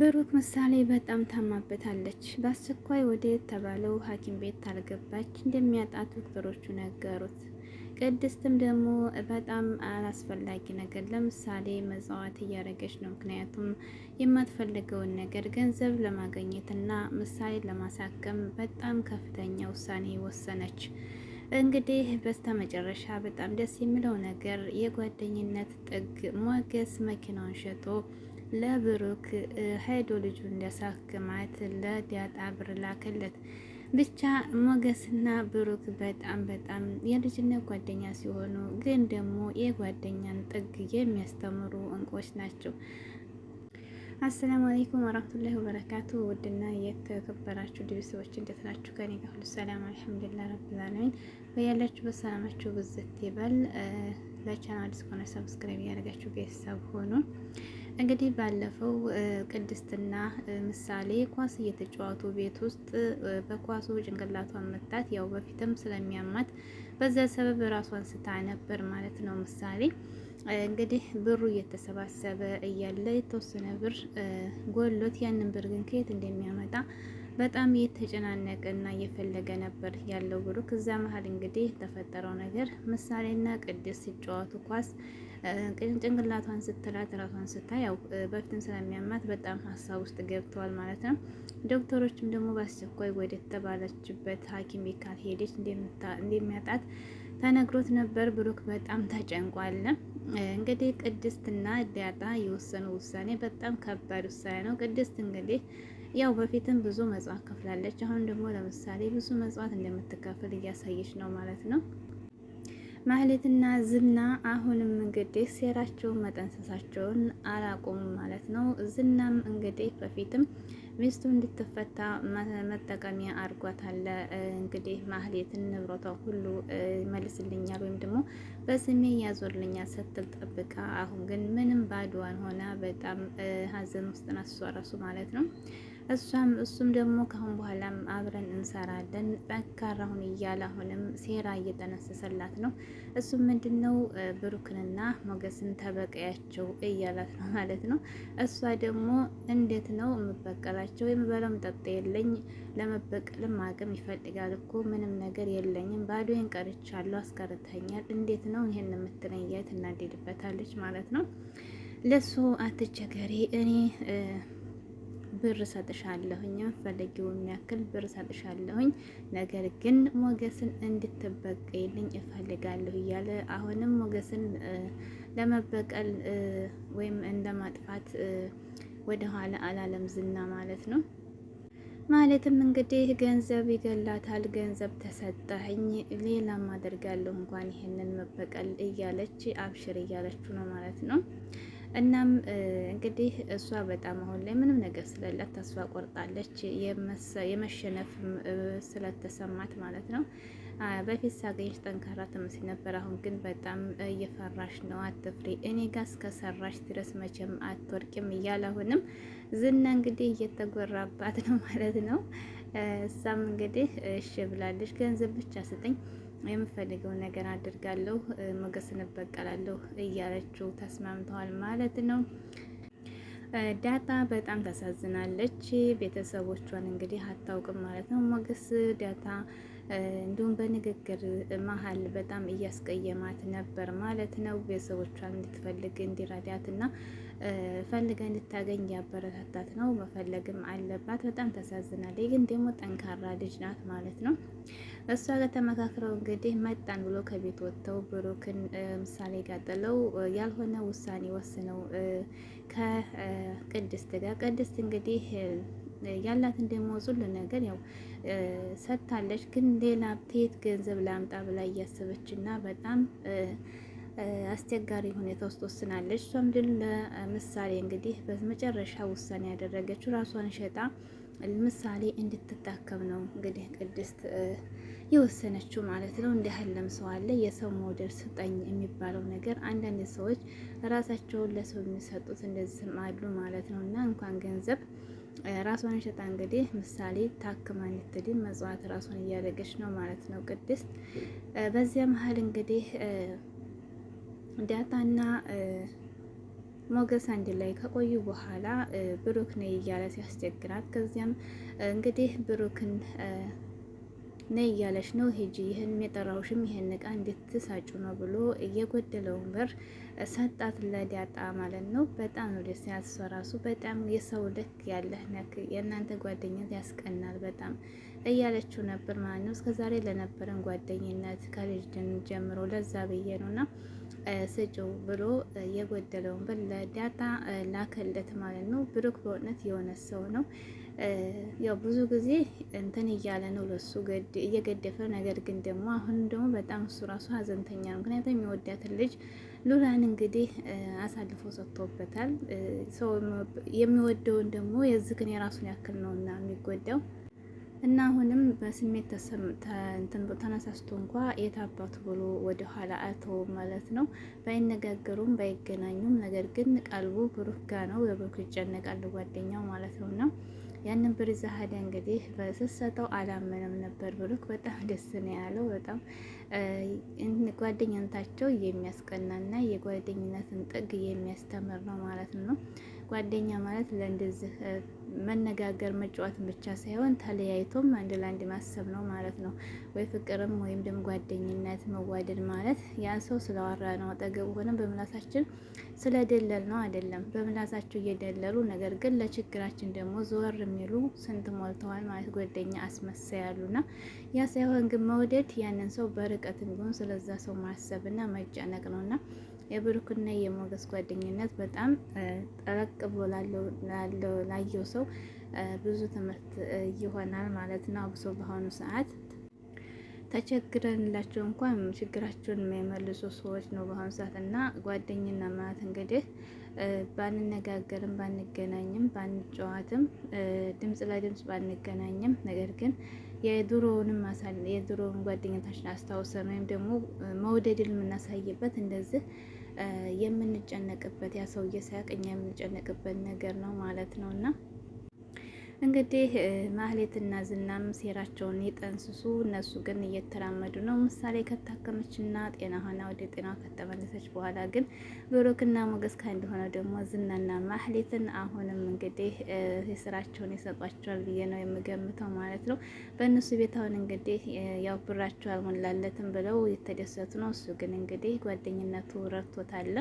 ብሩክ ምሳሌ በጣም ታማበታለች። በአስቸኳይ ወደ የተባለው ሐኪም ቤት ታልገባች እንደሚያጣት ዶክተሮቹ ነገሩት። ቅድስትም ደግሞ በጣም አላስፈላጊ ነገር ለምሳሌ መጽዋት እያደረገች ነው። ምክንያቱም የማትፈልገውን ነገር ገንዘብ ለማገኘትና ምሳሌ ለማሳከም በጣም ከፍተኛ ውሳኔ ወሰነች። እንግዲህ በስተ መጨረሻ በጣም ደስ የሚለው ነገር የጓደኝነት ጥግ ሞገስ መኪናውን ሸጦ ለብሩክ ሄዶ ልጁ እንዲያሳክማት ለዲያጣ ብር ላከለት። ብቻ ሞገስና ብሩክ በጣም በጣም የልጅነት ጓደኛ ሲሆኑ ግን ደግሞ የጓደኛን ጥግ የሚያስተምሩ እንቁዎች ናቸው። አሰላሙ አለይኩም ወራህመቱላሂ ወበረካቱ። ውድና የተከበራችሁ ልዩ ሰዎች እንዴት ናችሁ? ከኔ ጋር ሁሉ ሰላም አልሐምዱሊላህ ረቢል ዓለሚን። በያላችሁ በሰላማችሁ ብዝት ይበል። ለቻናል አዲስ ከሆነ ሰብስክራይብ ያደርጋችሁ ቤተሰብ ሆኑ። እንግዲህ ባለፈው ቅድስትና ምሳሌ ኳስ እየተጫወቱ ቤት ውስጥ በኳሱ ጭንቅላቷን መታት። ያው በፊትም ስለሚያማት በዛ ሰበብ ራሷን ስታ ነበር ማለት ነው። ምሳሌ እንግዲህ ብሩ እየተሰባሰበ እያለ የተወሰነ ብር ጎሎት፣ ያንን ብር ግን ከየት እንደሚያመጣ በጣም የተጨናነቀ እና እየፈለገ ነበር ያለው ብሩ። ከዛ መሀል እንግዲህ የተፈጠረው ነገር ምሳሌና ቅድስት ሲጫወቱ ኳስ ጭንቅላቷን ስትላት ራሷን ስታይ ያው በፊትም ስለሚያማት በጣም ሀሳብ ውስጥ ገብተዋል ማለት ነው። ዶክተሮችም ደግሞ በአስቸኳይ ወደ ተባለችበት ሐኪም ቤት ካልሄደች እንደሚያጣት ተነግሮት ነበር። ብሩክ በጣም ተጨንቋል። እንግዲህ ቅድስትና ዳጣ የወሰኑ ውሳኔ በጣም ከባድ ውሳኔ ነው። ቅድስት እንግዲህ ያው በፊትም ብዙ መጽዋት ከፍላለች። አሁን ደግሞ ለምሳሌ ብዙ መጽዋት እንደምትከፍል እያሳየች ነው ማለት ነው። ማህሌትና ዝና አሁንም እንግዲህ ሴራቸውን መጠንሰሳቸውን አላቆሙ ማለት ነው። ዝናም እንግዲህ በፊትም ሚስቱ እንድትፈታ መጠቀሚያ አድርጓታል። እንግዲህ ማህሌትን ንብረቷ ሁሉ ይመልስልኛል ወይም ደግሞ በስሜ ያዞርልኛል ስትል ጠብቃ፣ አሁን ግን ምንም ባድዋን ሆና በጣም ሀዘን ውስጥ ናት ራሱ ማለት ነው። እሷም እሱም ደግሞ ከአሁን በኋላም አብረን እንሰራለን ጠንካራ ሁን እያለ አሁንም ሴራ እየጠነሰሰላት ነው። እሱም ምንድን ነው ብሩክንና ሞገስን ተበቀያቸው እያላት ነው ማለት ነው። እሷ ደግሞ እንዴት ነው የምበቀላቸው? የምበላው መጠጥ የለኝ፣ ለመበቀልም አቅም ይፈልጋል እኮ ምንም ነገር የለኝም፣ ባዶዬን ቀርቻለሁ፣ አስቀርተኛል። እንዴት ነው ይህን የምትለኝ? እያት እናደድበታለች ማለት ነው። ለሱ አትቸገሪ እኔ ብር ሰጥሻለሁኝ የምትፈልጊውን ያክል ብር ሰጥሻለሁኝ፣ ነገር ግን ሞገስን እንድትበቀይልኝ እፈልጋለሁ እያለ አሁንም ሞገስን ለመበቀል ወይም እንደማጥፋት ወደኋላ አላለም ዝና ማለት ነው። ማለትም እንግዲህ ገንዘብ ይገላታል። ገንዘብ ተሰጠኝ ሌላም አደርጋለሁ እንኳን ይሄንን መበቀል እያለች አብሽር እያለችው ነው ማለት ነው። እናም እንግዲህ እሷ በጣም አሁን ላይ ምንም ነገር ስለሌላት ተስፋ ቆርጣለች፣ የመሸነፍ ስለተሰማት ማለት ነው። በፊት ሳገኝች ጠንካራ ትመስል ነበር፣ አሁን ግን በጣም እየፈራሽ ነው። አትፍሪ፣ እኔ ጋ እስከሰራሽ ድረስ መቼም አትወርቂም እያለ አሁንም ዝና እንግዲህ እየተጎራባት ነው ማለት ነው። እዛም እንግዲህ እሺ ብላለች። ገንዘብ ብቻ ስጠኝ የምፈልገው ነገር አድርጋለሁ፣ ሞገስ እበቀላለሁ እያለችው ተስማምተዋል ማለት ነው። ዳጣ በጣም ታሳዝናለች። ቤተሰቦቿን እንግዲህ አታውቅም ማለት ነው። ሞገስ ዳታ እንዲሁም በንግግር መሀል በጣም እያስቀየማት ነበር ማለት ነው። ቤተሰቦቿን እንድትፈልግ እንዲረዳት እና ፈልገ እንድታገኝ ያበረታታት ነው። መፈለግም አለባት። በጣም ተሳዝናለች፣ ግን ደግሞ ጠንካራ ልጅ ናት ማለት ነው። እሷ ጋር ተመካክረው እንግዲህ መጣን ብሎ ከቤት ወጥተው ብሩክን ምሳሌ ጋጥለው ያልሆነ ውሳኔ ወስነው ከቅድስት ጋር ቅድስት እንግዲህ ያላትን ደሞዝ ሁሉ ነገር ያው ሰጥታለች። ግን ሌላ ቤት ገንዘብ ላምጣ ብላ እያሰበች እና በጣም አስቸጋሪ ሁኔታ ውስጥ ወስናለች። እሷም ግን ለምሳሌ እንግዲህ በመጨረሻ ውሳኔ ያደረገችው ራሷን ሸጣ ምሳሌ እንድትታከም ነው እንግዲህ ቅድስት የወሰነችው ማለት ነው። እንደ ህለም ሰው አለ የሰው መውደድ ስጠኝ የሚባለው ነገር አንዳንድ ሰዎች ራሳቸውን ለሰው የሚሰጡት እንደዚህም አሉ ማለት ነው እና እንኳን ገንዘብ ራሷን ሸጣ እንግዲህ ምሳሌ ታክማ እንድትድን መጽዋት ራሷን እያደረገች ነው ማለት ነው ቅድስት። በዚያ መሀል እንግዲህ ዳታና ሞገስ አንድ ላይ ከቆዩ በኋላ ብሩክ ነይ እያለ ሲያስቸግራት ከዚያም እንግዲህ ብሩክን ነ እያለሽ ነው ሄጂ ይህን የጠራውሽም ይህን እቃ እንድትሳጩ ነው ብሎ እየጎደለውን በር ሰጣት ለዳጣ ማለት ነው። በጣም ነው ደስ ራሱ በጣም የሰው ልክ ያለህ ነክ የእናንተ ጓደኝነት ያስቀናል በጣም እያለችው ነበር ማለት ነው። እስከ ዛሬ ለነበረን ጓደኝነት ከልጅን ጀምሮ ለዛ ብዬ ና ስጭው ብሎ የጎደለውን በር ለዳጣ ላከለት ማለት ነው። ብሩክ በእውነት የሆነ ሰው ነው። ያው ብዙ ጊዜ እንትን እያለ ነው ለሱ እየገደፈ ነገር ግን ደግሞ አሁን ደግሞ በጣም እሱ ራሱ ሀዘንተኛ ነው። ምክንያቱም የሚወዳትን ልጅ ሉላን እንግዲህ አሳልፎ ሰጥቶበታል። ሰው የሚወደውን ደግሞ የዝክን የራሱን ያክል ነው ነውና የሚጎዳው እና አሁንም በስሜት ተነሳስቶ እንኳ የት አባቱ ብሎ ወደ ኋላ አቶ ማለት ነው። ባይነጋገሩም ባይገናኙም፣ ነገር ግን ቀልቡ ብሩክ ጋ ነው። በብሩክ ይጨነቃል ጓደኛው ማለት ነው እና ያንን ብር ይዛ እንግዲህ በስሰጠው አላመነም ነበር ብሩክ። በጣም ደስ ነው ያለው። በጣም ጓደኝነታቸው የሚያስቀናና የጓደኝነትን ጥግ የሚያስተምር ነው ማለት ነው። ጓደኛ ማለት ለእንደዚህ መነጋገር መጫወትን ብቻ ሳይሆን ተለያይቶም አንድ ለአንድ ማሰብ ነው ማለት ነው። ወይ ፍቅርም ወይም ደግሞ ጓደኝነት መዋደድ ማለት ያን ሰው ስለዋራ ነው አጠገቡ ሆነ በምላሳችን ስለደለል ነው አይደለም። በምላሳቸው እየደለሉ ነገር ግን ለችግራችን ደግሞ ዞር የሚሉ ስንት ሞልተዋል ማለት ጓደኛ አስመሳይ ያሉና፣ ያ ሳይሆን ግን መውደድ ያንን ሰው በርቀት ቢሆን ስለዛ ሰው ማሰብና መጨነቅ ነውና የብሩክና የሞገስ ጓደኝነት በጣም ጠለቅ ብሎ ላለው ላየው ሰው ብዙ ትምህርት ይሆናል ማለት ነው። አብሶ በአሁኑ ሰዓት ተቸግረንላቸው እንኳን ችግራቸውን የማይመልሱ ሰዎች ነው በአሁኑ ሰዓት እና ጓደኝና ማለት እንግዲህ ባንነጋገርም ባንገናኝም ባንጨዋትም ድምጽ ለድምጽ ባንገናኝም ነገር ግን የድሮውንም የድሮውን ጓደኝነታችን አስታውሰን ወይም ደግሞ መውደድል የምናሳይበት እንደዚህ የምንጨነቅበት ያ ሰውዬ ሳያውቅ እኛ የምንጨነቅበት ነገር ነው ማለት ነው እና እንግዲህ ማህሌትና ዝናም ሴራቸውን ይጠንስሱ። እነሱ ግን እየተራመዱ ነው። ምሳሌ ከታከመችና ሆና ወደ ጤና ከተመለሰች በኋላ ግን ብሩክና ሞገስ ከአንድ ሆነው ደግሞ ዝናና ማህሌትን አሁንም እንግዲህ የስራቸውን ይሰጧቸዋል ብዬ ነው የምገምተው ማለት ነው። በእነሱ ቤት አሁን እንግዲህ ያው ብራቸው አልሞላለትም ብለው የተደሰቱ ነው። እሱ ግን እንግዲህ ጓደኝነቱ ረድቶታል።